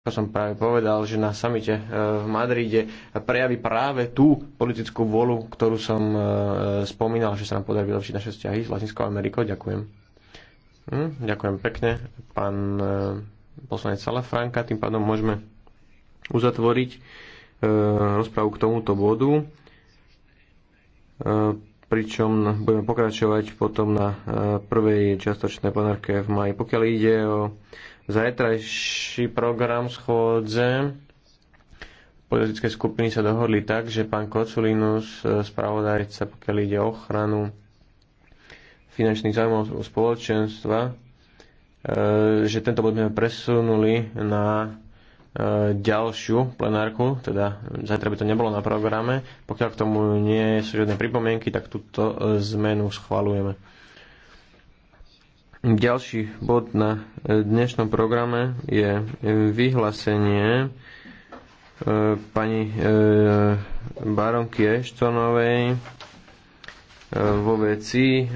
Ako som práve povedal, že na samite e, v Madride prejaví práve tú politickú volu, ktorú som e, spomínal, že sa nám podarí vylepšiť naše vzťahy s Latinskou Amerikou. Ďakujem. Hm, ďakujem pekne, pán e, poslanec Salafranka. Tým pádom môžeme uzatvoriť rozprávu k tomuto bodu. Pričom budeme pokračovať potom na prvej čiastočnej plenárke v maji. Pokiaľ ide o Zajtrajší program schôdze politické skupiny sa dohodli tak, že pán Koculinus, e, spravodajca, pokiaľ ide o ochranu finančných zájmov spoločenstva, e, že tento bod sme presunuli na e, ďalšiu plenárku, teda zajtra by to nebolo na programe. Pokiaľ k tomu nie sú žiadne pripomienky, tak túto zmenu schvalujeme. Ďalší bod na e, dnešnom programe je e, vyhlásenie e, pani baronky Eštonovej vo veci